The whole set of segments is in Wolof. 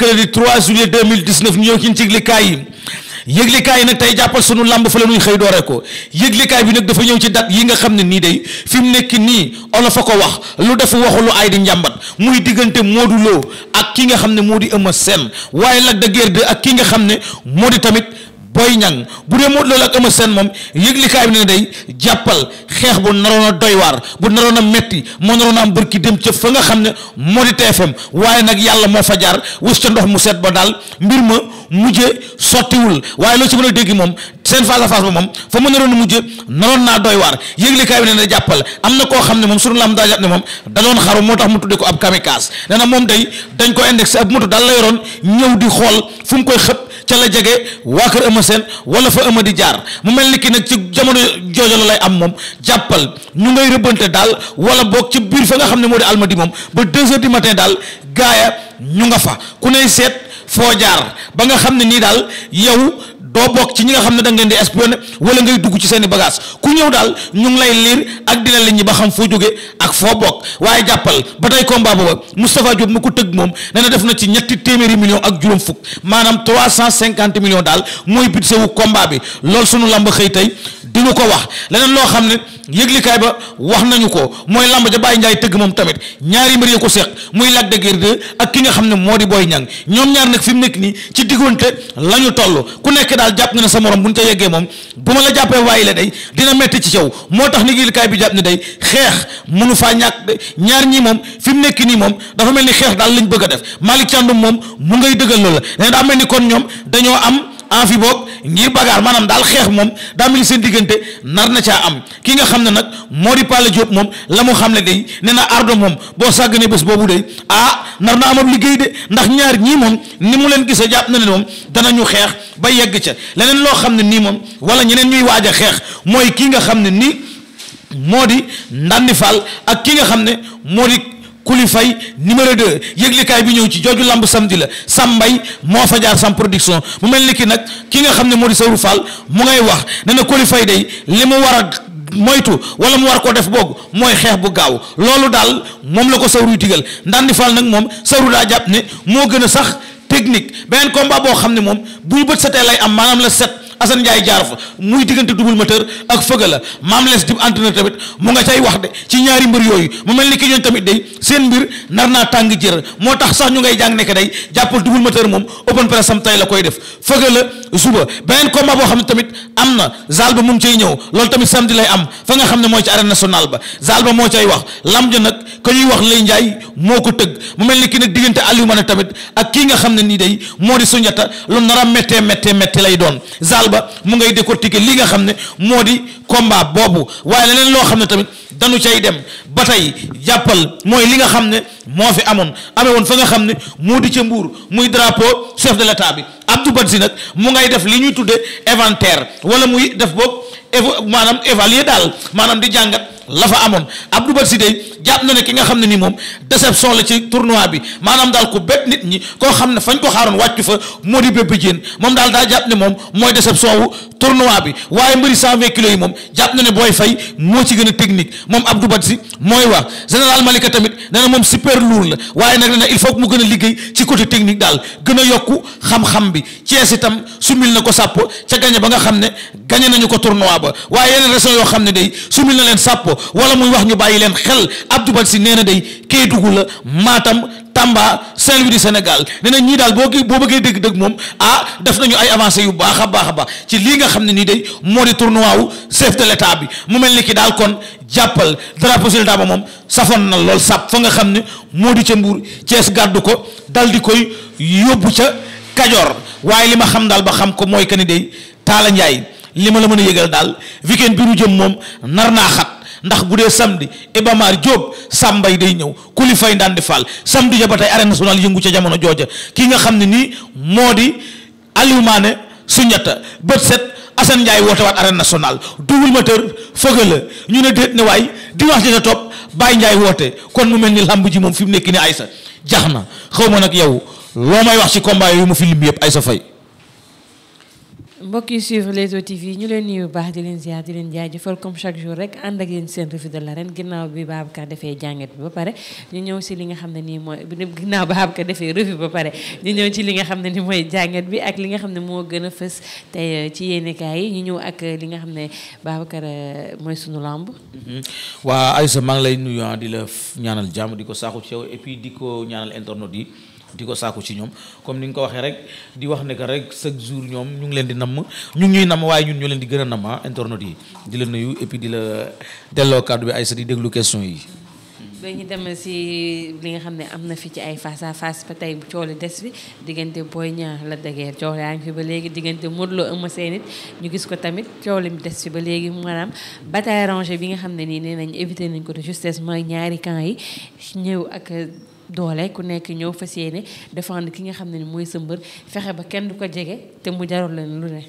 mercredi 3 juillet 2019 ñu ñëw ci yëglikaay yi yëglikaay yi nag tey jàppal sunu làmb fa la ñuy xëy doore ko yëglikaay bi nag dafa ñëw ci date yi nga xam ne nii day fi mu nekk nii olof a ko wax lu def waxu lu ay di njàmbat muy diggante Modou Lo ak ki nga xam ne moo di Eumeu Sène waaye Lac de ger 2 ak ki nga xam ne moo di tamit booy ñan bu dee Modou Lo la ak Eumeu Sène moom yëglikaay bi ne day jàppal xeex bu naroon a doy waar bu naroon a metti moo na a am bërki dem ca fa nga xam ne moo di TFM waaye nag yàlla moo fa jaar wus ca ndox mu set ba daal mbir ma mujje sottiwul waaye loo ci mën a dégg moom seen face à face ba moom fa mu naroon a naa doy waar yëglikaay bi ne na jàppal am na koo xam ne moom sunu lam daal jàpp ne moom da doon xaru moo tax mu tudde ko ab kamikaze nee na moom day dañ ko indexé ab moto daal la yoroon ñëw di xool fu mu koy xëpp ca la jege waa kër Eumeu Sène wala fa Eumeu di jaar mu mel ni ki nag ci jamono joojo la lay am moom jàppal ñu ngay rëbbante daal wala boog ci biir fa nga xam ne moo di almadi moom ba deux heures du matin daal gaaya ñu nga fa ku ne seet foo jaar ba nga xam ne nii daal yow doo bokk ci ñi nga xam ne da ngeen di espionné wala ngay dugg ci seen i ku ñëw daal ñu ngi lay liir ak dina la ñi ba xam foo jóge ak foo bokk waaye jàppal ba tey combat booba Moustapha Diop mu ko tëgg moom nee na def na ci ñetti téeméeri millions ak juróom fukk maanaam trois cent cinquante millions daal mooy budget wu combat bi loolu suñu lamb xëy tey dinu ko wax leneen loo xam ne yëglikaay ba wax nañu ko mooy lamb ja Baye Ndiaye tëgg moom tamit ñaari mbir yoo ko seq muy Lac de Guiers ak ki nga xam ne moo di booy Niang ñoom ñaar nag fi mu nekk nii ci diggante la ñu toll ku daal jàpp nga ne sa morom bu ñu ca yeggee moom bu ma la jàppee waaye day dina metti ci yow moo tax ni gi kaay bi jàpp ne day xeex mënu faa ñàkk ñaar ñii moom fi mu nekk nii moom dafa mel ni xeex daal lañ bëgg a def Malick Thiandoum moom mu ngay dëggal loola ne daa mel ni kon ñoom dañoo am en fi boog ngir bagaar maanaam daal xeex moom daa mel ni seen diggante nar na ca am ki nga xam ne nag moo di Palla Diop moom la mu xam ne day nee na ardo moom boo sàgganee bés boobu day ah nar na amab liggéey de ndax ñaar ñii moom ni mu leen gisee jàpp na ne moom danañu xeex ba yegg ca leneen loo xam ne nii moom wala ñeneen ñuy waaj a xeex mooy kii nga xam ne nii moo di ndandi faal ak ki nga xam ne moo di Kuli Faye numéro 2 yëglikaay bi ñëw ci jooju lamb samedi la Sam Mbaye moo fa jaar Sam production mu mel ni ki nag ki nga xam ne moo di Sawru Fall mu ngay wax ne na Kuli Faye day li mu war a moytu wala mu war a koo def boog mooy xeex bu gaaw loolu daal moom la ko Sawru digal Ndandi Fall nag moom Sawru daa jàpp ne moo gën a sax technique beneen combat boo xam ne moom buy bët setee lay am maanaam la set. Assane Ndiaye jaar fa muy diggante double moteur ak fëga la maam lees di entraîneur tamit mu nga cay wax de ci ñaari mbër yooyu mu mel ni ki ñooñ tamit day seen mbir nar naa tàng jër moo tax sax ñu ngay jàng nekk day jàppal double moteur moom open press sam tay la koy def fëga la suba beneen combat boo xam ne tamit am na zal ba mu ngi cay ñëw loolu tamit lay am fa nga xam ne ci arène nationale ba zal moo cay wax lam ja nag ka ñuy wax lay njaay moo ko tëgg mu mel ni ki nag diggante Aliou Mané tamit ak kii nga xam ne nii day moo di Sunjata lu nar a méttee méttee méttee lay doon zal ba mu ngay décortiquer li nga xam ne moo di combat boobu waaye leneen loo xam ne tamit dañu cay dem ba tey jàppal mooy li nga xam ne moo fi amoon amee woon fa nga xam ne moo di ca mbuur muy drapeau chef de l'état bi Abdou Badji nag mu ngay def li ñuy tudde inventaire wala muy def boobu maanaam évaluer daal maanaam di jàngat la fa amoon Abdou Badji day jàpp na ne ki nga xam ne ni moom déception la ci tournoi bi maanaam daal ku bett nit ñi koo xam ne fañ ko xaaroon wàccu fa moo di bépp jéen moom daal daa jàpp ne moom mooy déception wu tournoi bi waaye mbëri 120 kilos yi moom jàpp na ne booy fay moo ci gën a technique moom Abdou Badji mooy wax général affaire lourde la waaye nag nag il faut que mu gën a liggéey ci côté technique daal gën a yokku xam-xam bi Thiès itam sumil na ko sàppo ca gañe ba nga xam ne gañe nañu ko tournoi ba waaye yeneen région yoo xam ne day sumil na leen sàppo wala muy wax ñu bàyyi leen xel Abdou Badji nee na day Kédougou la Matam Tamba Saint-Louis du Sénégal nee na ñii daal boo boo bëggee dégg dëgg moom ah def nañu ay avancé yu baax a baax a ci lii nga xam ne nii day moo di tournoi wu chef de l'état bi mu mel ni ki daal kon jàppal drapeau chef de l'état ba moom safoon na lool sàpp fa nga xam ne moo di ca Mbuur Cees gàddu ko dal di koy yóbbu ca Kajoor waaye li ma xam daal ba xam ko mooy que ni day Taala Njaay li ma la mën a yëgal daal weekend bi nu jëm moom nar naa xat ndax bu dee samedi Iba Mar Diop sàmbay day ñëw kuli fay ndandi fall samedi ja ba tey arène nationale yëngu ca jamono jooja ki nga xam ne nii moo di Aliou Mané su ñetta bët set Assane Ndiaye woote waat arène nationale ma moteur fëga la ñu ne déet ne waay dimanche ja ca topp Baye Ndiaye woote kon mu mel ni làmb ji moom fi mu nekk ni ay sax jax na xaw ma nag yow loo may wax ci combat yooyu mu fi lim yëpp ay sa fay mbokk yi suivre Leewtoo TV ñu leen nuyu baax di leen ziar di leen jaajëfal comme chaque jour rek ànd ak yéen seen revue de l'arène ginnaaw bi Babacar defee jàngat bi ba pare ñu ñëw si li nga xam ne nii mooy ginnaaw Babacar defee revue ba pare ñu ci li nga xam ne ni mooy jàngat bi ak li nga xam ne moo gën a fës te euh, ci yéenekaay yi ñu ñëw ak euh, li nga xam ne Babacar euh, mooy sunu lamb mm-hmm. waa ay maa ngi lay nuyu ah, di la ñaanal jàmm di ko saaxu ci yow et puis di ko ñaanal internautes yi di ko saaku ci ñoom comme ni nga ko waxee rek di wax ne que rek chaque jour ñoom ñu ngi leen di namm ñu ngi ñuy namm waaye ñun ñu leen di gën a namm ah, yi di la nuyu et di la delloo kàddu bi ay sa di déglu question yi. ba ñu demee li nga xam ne am na fi ci ay face à face ba tey coole des bi diggante Boy Niang la dëgër coow yaa fi ba léegi diggante Modou Lo Eumeu ñu gis ko tamit coole des fi ba léegi maanaam bataille rangée bi nga xam ne doole ku nekk ñëw fas yéene défendre ki nga xam ne ni mooy sa mbër fexe ba kenn du ko jege te mu jaral leen lu ne.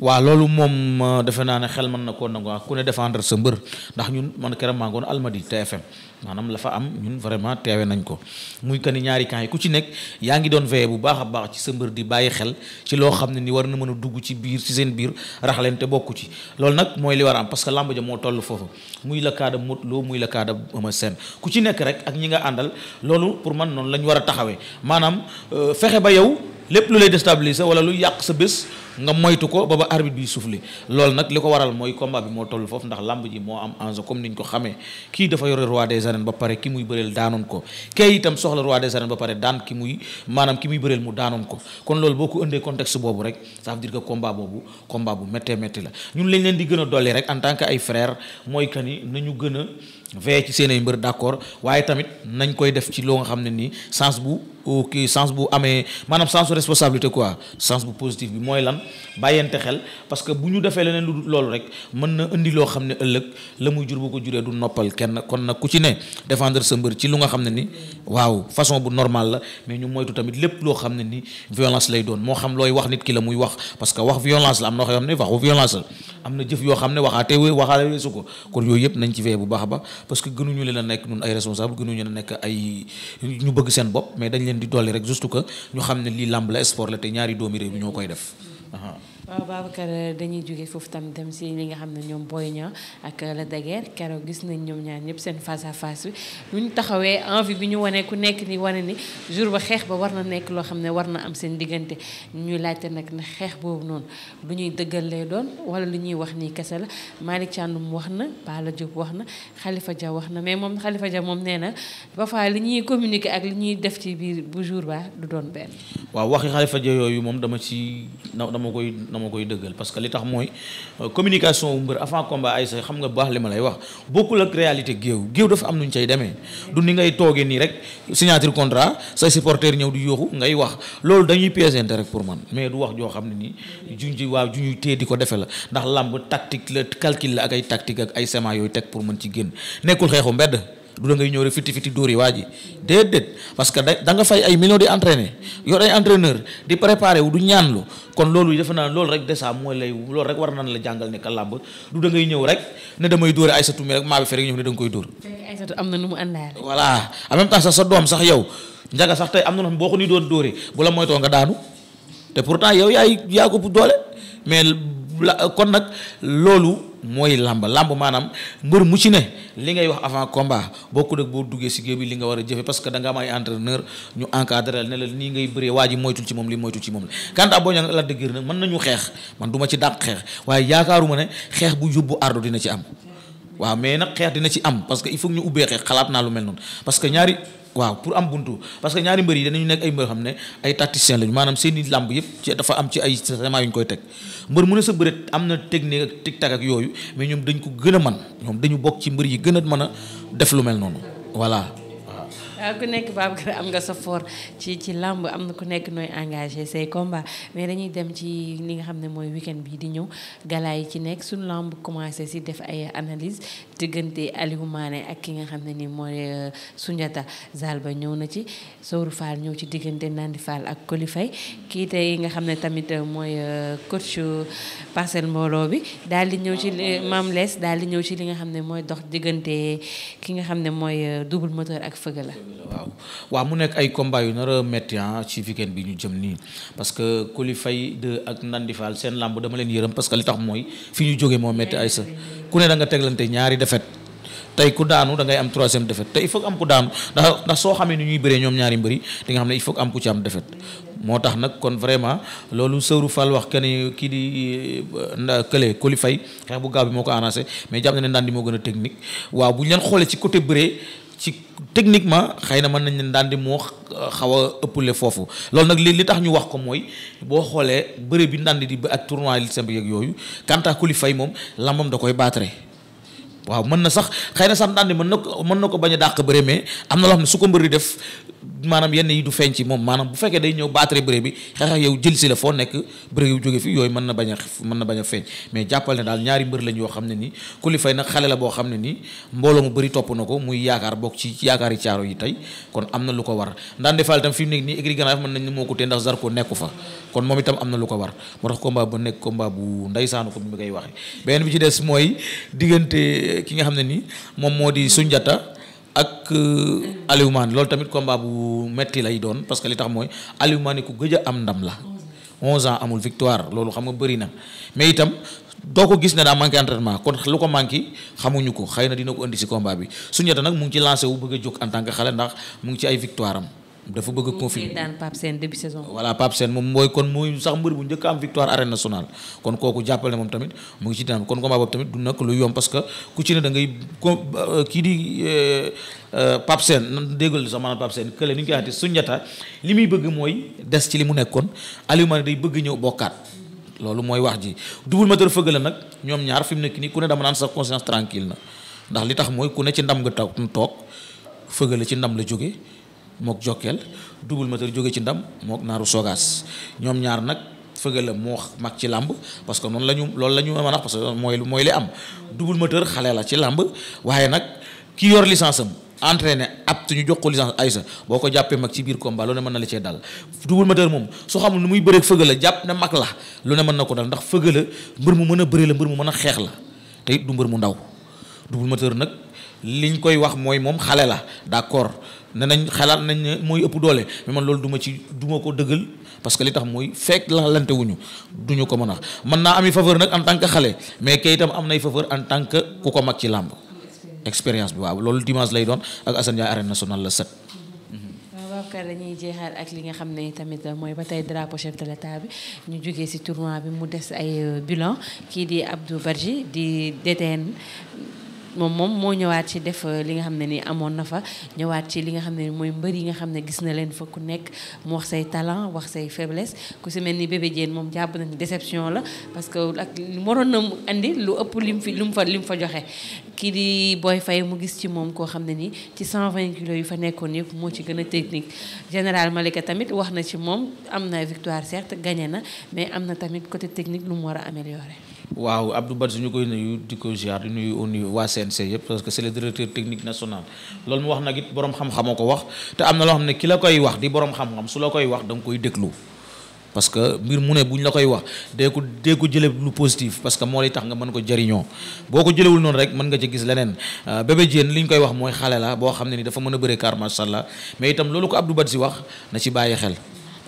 waaw loolu moom defe naa ne xel mën na koo nangu ku ne défendre sa mbër ndax ñun man keroog maa ngoon Almadi TFM. maanaam la fa am ñun vraiment teewe nañ ko muy que ni ñaari camp yi ku ci nekk yaa ngi doon veillé bu baax a baax ci sa mbër di bàyyi xel ci loo xam ne ni war na mën a dugg ci biir ci seen biir rax leen te bokku ci loolu nag mooy li war a am parce que lamb ja moo toll foofu muy la kaada Modou Lo muy la kaada Eumeu Sène ku ci nekk rek ak ñi nga àndal loolu pour man noonu la war a taxawee maanaam euh, fexe ba yow lépp lu lay déstabiliser wala lu yàq sa bés nga moytu ko ba ba arbitre bi soufflé loolu nag li ko waral mooy combat bi moo toll foofu ndax làmb ji moo am enjeu comme ni ñu ko xamee kii dafa yore roi des arènes ba pare ki muy bëreel daanoon ko kee itam soxla roi des arènes ba pare daan ki muy maanaam ki muy bëreel mu daanoon ko kon loolu boo ko indee contexte boobu rek ça veut dire que combat boobu combat bu méttee métti la ñun lañ leen di gën a dolli en tant que ay frère mooy que ni nañu gën a veye ci seen ay mbër d'accord waaye tamit nañ koy def ci loo nga xam ne nii sens bu euh, kii sens bu amee maanaam sens responsabilité quoi sens bu positif bi mooy lan bàyyente xel parce que bu ñu defee leen lu loolu rek mën na indi loo xam ne ëllëg la muy jur bu ko juree du noppal kenn kon nag ku ci ne défendre sa mbër ci lu nga xam ne ni waaw façon bu normal la mais ñu moytu tamit lépp loo xam ne ni violence lay doon moo xam looy wax nit ki la muy wax parce que wax violence la am na yoo xam ne waxu violence la am na jëf yoo xam ne waxaatee waxaale weesu ko kon yooyu yëpp nañ ci veye bu baax ba parce que gënuñu leen a nekk ñun ay responsable gënuñu leen a nekk ay ñu bëgg seen bopp mais dañ leen di dolli rek juste que ñu xam ne lii làmb la sport la te ñaari doomi réew mi ñoo koy def waaw Babacar euh, dañuy jóge foofu tamit dem si li nga xam ne ñoom booy Niang ak Lac de keroog gis nañ ñoom ñaan ñëpp seen fas à face bi bu ñu taxawee envie bi ñu wane ku nekk ni wane ni jour ba xeex ba war na nekk loo xam ne war na am seen diggante ñuy laajte nag na xeex boobu noonu lu ñuy dëggal lay doon wala lu ñuy wax ni kese la Malick Thiandoum wax na Bala jóg wax na xalifa ja wax na mais moom Khalifa Dia moom nee na parfois li ñuy communiqué ak li ñuy def ci biir bu jour ba du doon benn. waaw waxi Khalifa yooyu moom dama ci dama koy. nga ma koy dëggal parce que li tax mooy euh, communication wu mbër avant combat ay sa xam nga baax li ma lay wax bokkul ak réalité géew géew dafa am nu ñu cay demee du ni ngay toogee nii rek signature contrat say supporter ñëw di yooxu ngay wax loolu dañuy présenter rek pour man mais du wax joo xam ne nii juñ ci waaw ju ñuy téye di ko defe la ndax làmb tactique la calcul la ak ay tactique ak ay sema yooyu teg pour mën ci génn nekkul xeexu mbedd du da ngay ñëw rek fiti fiti dóor yi waa ji déedéet parce da nga fay ay millions di entraîner yor ay entraîneur di préparer wu du lu kon loolu defe naa loolu rek dèjà mooy lay loolu rek war na la jàngal ne ka làmb du da ngay ñëw rek ne damay dóore Aïssatou mi rek maa bi fe rek ñëw ne da nga koy dóor Aïssatou am na nu mu àndaale voilà en même sa doom sax yow njaga sax tey am na loo xam boo ko ni doon dóore bu la moytoo nga daanu te pourtant yow yaay yaa ko doole mais la kon nag loolu mooy làmb làmb maanaam mbër mu ci ne li ngay wax avant combat bokkul ak boo duggee si géew bi li nga war a jëfe parce que da nga am ay entraîneur ñu encadré ne la ni ngay bëree waa ji moytul ci moom li moytul ci moom la kanta boo ñang la dëggër nag mën nañu xeex man du ma ci dàq xeex waaye yaakaaruma ne xeex bu yóbbu ardo dina ci am waa mais nag xeex dina ci am parce que il faut ñu ubbee xeex xalaat naa lu mel noonu parce que ñaari waaw pour am buntu parce que ñaari mbër yi danañu nekk ay mbër xam ne ay tacticien lañu maanaam seeni làmb yëpp ci dafa am ci ay traitement yu koy teg mbër mën a sa bëreet am na technique ak tic-tac ak yooyu mais ñoom dañ ko gën a man ñoom dañu bokk ci mbër yi gën a mën a def lu mel noonu voilà waaw euh, ku nekk Babacar am nga sa fort ci ci làmb am na ku nekk nooy engagé say combat mais dañuy dem ci li nga xam ne mooy weekend bi di ñëw gala yi ci nekk suñu làmb commencé si def ay analyse diggante Aliou Mané ak ki nga xam ne ni mooy euh, Sunjata Zalba ñëw na ci Sooru Fall ñëw ci diggante Nandi Fall ak Koli kii tey nga xam ne tamit euh, mooy coach Parcelles Mbooloo bi daal di ñëw ci Mame Less daal di ñëw ci li nga xam ne mooy dox diggante ki nga xam ne mooy double moteur ak fëgg la waaw waaw mu nekk ay combat yu nar a metti ah, ci weekend bi ñu jëm nii parce que de ak Nandi Fall seen làmb dama leen yërëm parce li tax mooy fi ñu jógee moo metti ay sa ku ne da nga teglante ñaari defet tey ku daanu da ngay am troisième défaite te il faut am ku daanu ndax ndax soo xamee ni ñuy bëree ñoom ñaari mbëri di nga xam ne il faut am ku ci am défaite moo tax nag kon vraiment loolu Sëru Fall wax kenn kii di euh, kële Coly Faye xeex bu gaaw bi moo ko arrangé mais jàpp na moo gën a technique ci techniquement xëy na mën nañ leen daan di moo xaw a ëppale foofu loolu nag li li tax ñu wax ko mooy boo xoolee bëre bi ndandi di ba ak tournoi li simple yooyu quant ku li fay moom lambam da koy baatare waaw mën na sax xëy na sax ndandi mën na ko mën na ko bañ a dàq bëre mais am na loo xam ne su ko mbëri def maanaam yenn yi du feeñ ci moom maanaam bu fekkee day ñëw battre bëre bi xeex ak yow jël la foo nekk bëre yu jóge fi yooyu mën na bañ a a feeñ mais jàppal ne daal ñaari mbër lañ yoo xam ne nii Coly Faye nag xale la boo xam ne nii mbooloo mu bëri topp na ko muy yaakaar bokk ci yaakaar yi caaro yi tey kon am na lu ko war ndaan defal itam fi mu nekk nii écrit ganaaf mën nañ ne moo ko tee ndax Zarko nekku fa kon moom itam am na lu ko war moo tax combat bu nekk combat bu ndeysaanu ko bi mu koy ne nii moom moo di Sunjata ak euh, Aliou loolu tamit combat bu metti lay doon parce que li tax mooy Aliou Mané ku gëj a am ndam la 11 ans amul victoire loolu xam nga bëri na mais itam doo ko gis ne daa manqué entraînement kon lu ko manqué xamuñu ko xëy na dina ko indi si combat bi suñu yàlla nag mu ngi ci lancé wu bëgg a jóg en tant que xale ndax mu ngi ci ay victoire am. dafa bëgg a confirmer daan Pape Sène saison. voilà Pape Sène moom mooy kon mooy sax mbër bu njëkk am victoire arène nationale kon kooku jàppale moom tamit mu ngi ci dinaam kon combat boobu tamit du nak lu yomb parce ne da ngay euh, kii di euh, euh, Pape Sène nan déggal sax maanaam Pape Sène kële ni ñu koy waxati li muy bëgg mooy des ci li mu nekkoon Aliou day bëgg ñëw bokkaat. loolu mooy wax ji double moteur fëgg la nag ñoom ñaar fi mu nekk nii ku ne naan sa conscience tranquille na ndax li tax mooy ku ne ci ndam nga taw toog fëgg la ci ndam la jóge mook Jokkel double moteur jóge ci ndam mook naaru Sogas ñoom ñaar nag la mu wax mag ci làmb parce que noonu la ñu loolu la ñu mën a wax parce que mooy mooy li am double moteur xale la ci làmb waaye nag ki yor licence am entraîné apte ñu jox ko licence aysa boo ko jàppee mag ci biir combat lu ne mën na la cee dal double moteur moom soo xamul nu muy bëreeg fëgala jàpp ne mag la lu ne mën na ko dal ndax fëgala mbër mu mën a bëri la mbër mu mën a xeex la te it mu ndaw double moteur nag liñ koy wax mooy moom xale la d'accord ne nañ xalaat nañ ne mooy ëpp doole mais man loolu duma ci duma ko dëggal parce que li tax mooy fekk la lante wuñu duñu ko mën a mën naa ami faveur nag en tant que xale mais kay itam am nay faveur en tant que ku ko mag ci làmb expérience bi waaw loolu dimanche lay doon ak Assane Ndiaye arène nationale la set Babacar dañuy jeexal ak li nga xam ne tamit mooy ba tey drapeau chef de l'état bi ñu jógee ci tournoi bi mu des ay euh, bilan kii di Abdou Barji di DTN moom moom moo ñëwaat ci def euh, li nga xam ne nii amoon na fa ñëwaat ci li nga xam ne ni mooy mbër yi nga xam ne gis na leen fa ku nekk mu wax say talent wax say faiblesse ku si mel ni bébé Diène moom jàpp nañu déception la parce que ak waroon na andi lu ëpp lim fi lim fa lim fa joxe kii di Boy Faye mu gis ci moom koo xam ne ni ci 120 kilos yu fa nekkoon yëpp moo ci gën a technique général Malika tamit wax na ci moom am na victoire certes gagné na mais am na tamit côté technique lu mu war a améliorer waaw Abdou Badji ñu koy nuyu di ko ziar di nuyu au nuyu waa CNC yëpp parce que c'est technique national loolu mu wax nag it boroom xam-xamoo ko wax te am na loo xam ne ki la koy wax di boroom xam-xam su la koy wax da nga koy déglu parce que mbir mu ne bu ñu la koy wax dee ko dee ko jële lu positif parce que moo lay tax nga mën ko jariñoo boo ko jëlewul noonu rek mën nga ci gis leneen euh, bébé Diène li ñu koy wax mooy xale la boo xam ne ni dafa mën a bëre kaar macha mais itam loolu ko Abdou Badji wax na ci bàyyi xel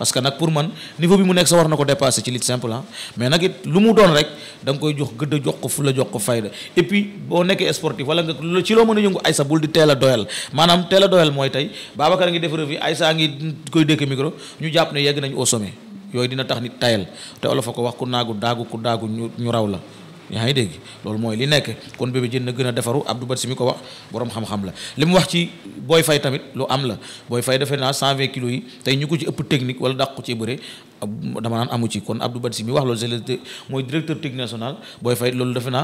parce que nag pour man niveau bi mu nekk sa war na ko dépasser ci lutte simple ah mais nag it lu mu doon rek da koy jox gëdd jox ko fulla jox ko fayda et puis boo nekkee sportif wala nga ci loo mën a yëngu Aïssa bul di teel a doyal maanaam teel a doyal mooy tey Babacar a ngi def revue Aïssa ngi koy dékk micro ñu jàpp ne yegg nañu au sommet yooyu dina tax nit tayal te olof a ko wax ku naagu daagu ku daagu ñu raw la yaa ngi dégg loolu mooy li nekk kon bébé jën na gën a defaru Abdou Badji mi ko wax boroom xam-xam la li mu wax ci booy fay tamit lu am la Boy fay defe naa 120 kilos yi tey ñu ko ci ëpp technique wala dàq ko ci bëre dama naan amu ci kon Abdou Badji mi wax loolu c'est le mooy directeur technique national booy fay loolu defe naa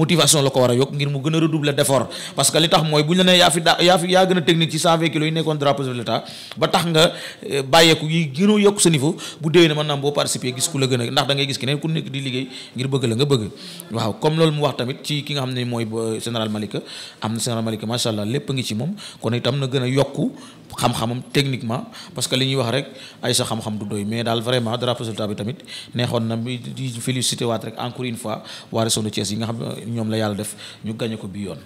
motivation la ko war a yokk ngir mu gën a redoubler d'effort parce que li tax mooy bu ñu la nee yaa fi daa yaa fi yaa gën a technique ci cent vingt kilos yi nekkoon drapeau de l'état ba tax nga eh, bàyyeeku yi gën a yokk sa niveau bu déwénee mën naa boo participer gis ku la gën a ndax da ngay gis keneen ku nekk di liggéey ngir bëgg la nga bëgg waaw comme loolu mu wax tamit ci ki nga xam ne mooy euh, général Malika am na général Malika macha lépp ngi ci moom kon itam na gën a yokku xam-xamam techniquement parce que li ñuy wax rek ay sa xam-xam du doy mais daal vraiment dara résultat bi tamit neexoon na bi di félicité waat rek encore une fois waa région de Thiès yi nga xam ñoom la yàlla def ñu gañe ko bi yoon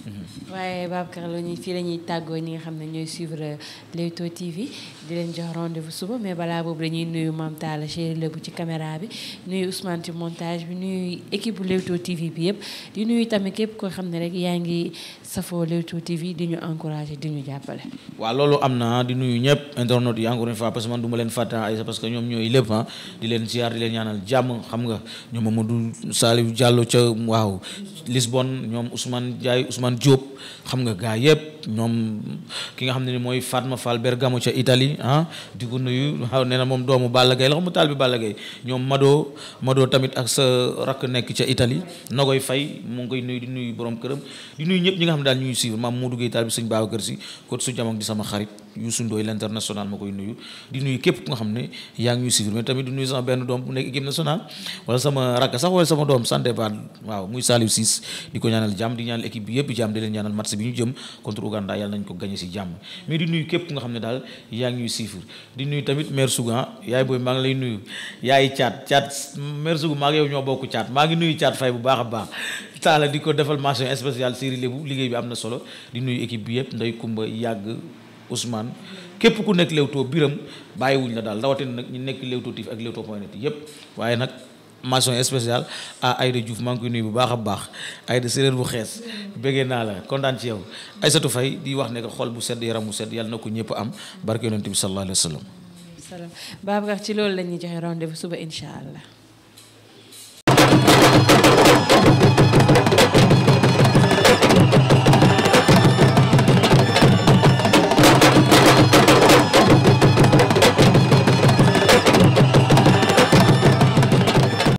Mm-hmm. waaye Babacar la ñuy fii ñuy tàggoo ñi nga xam ne ñooy suivre Leewtoo TV di leen jox rendez-vous suba mais balaa boobu dañuy nuyu Mame Talla Chéri Lébou ci bi nuyu Ousmane ci montage bi bu Leewtoo TV bi yëpp di nuyu tamit képp koo xam ne rek yaa ngi safoo Leewtoo TV di ñu encouragé di ñu jàppale. waaw loolu am na di nuyu ñëpp internautes yi encore une fois parce que man du ma leen fàtte ah, que ñoom ñooy lépp ah, di leen siyaar di leen jàmm xam nga ñoom Mamadou Salif Diallo ca waaw Lisbonne ñoom Diop xam nga gaa yëpp ñoom ki nga xam ne ni mooy Fatma Fall Bergamo ca Italie ah di ko nuyu xaw moom doomu Balla Gaye la xam mu taal bi Balla Gaye ñoom Mado tamit ak sa rakk nekk ca Italie Nogoy Faye mu ngi koy nuyu di nuyu borom këram di nuyu ñëpp ñi nga xam ne daal ñuy su jamam di sama xarit Youssou Ndoye l'international ma koy nuyu di nuyu képp ku nga xam ne yaa ngi ñuy suivre mais tamit di nuyu sama benn doom bu nekk équipe nationale wala sama rakk sax wala sama doom santé ba waaw muy Saliou Ciss di ko ñaanal jàmm di ñaanal équipe bi yëpp jàmm di leen ñaanal match bi ñu jëm contre Ouganda yàlla nañ ko gagné si jàmm mais di nuyu képp nga xam ne daal yaa ngi ñuy siifur di nuyu tamit maire Souga yaay maa ngi lay nuyu yaay caat caat maire Souga maa ngi yow ñoo bokk caat maa ngi nuyu caat fay bu baax a baax taala di ko defal mention spéciale Siri Lébu liggéey bi am na solo di nuyu équipe bi yëpp nday Kumba yàgg Ousmane képp ku nekk Leewtoo biram bàyyiwuñ la daal rawatina nag ñu nekk Leewtoo TV ak Leewtoo point net yëpp waaye nag mention spéciale à Aïda Diouf maa ngi nuyu bu baax a baax Aïda séréer bu xees bëggee naa la kontaan ci yow Aïssatou Faye di wax ne xol bu sedd yaram bu sedd yàlla na ko ñëpp am barke yonent bi sallallahu alayhi wa sallam. salaam Babacar ci loolu la ñuy joxe rendez-vous suba incha allah.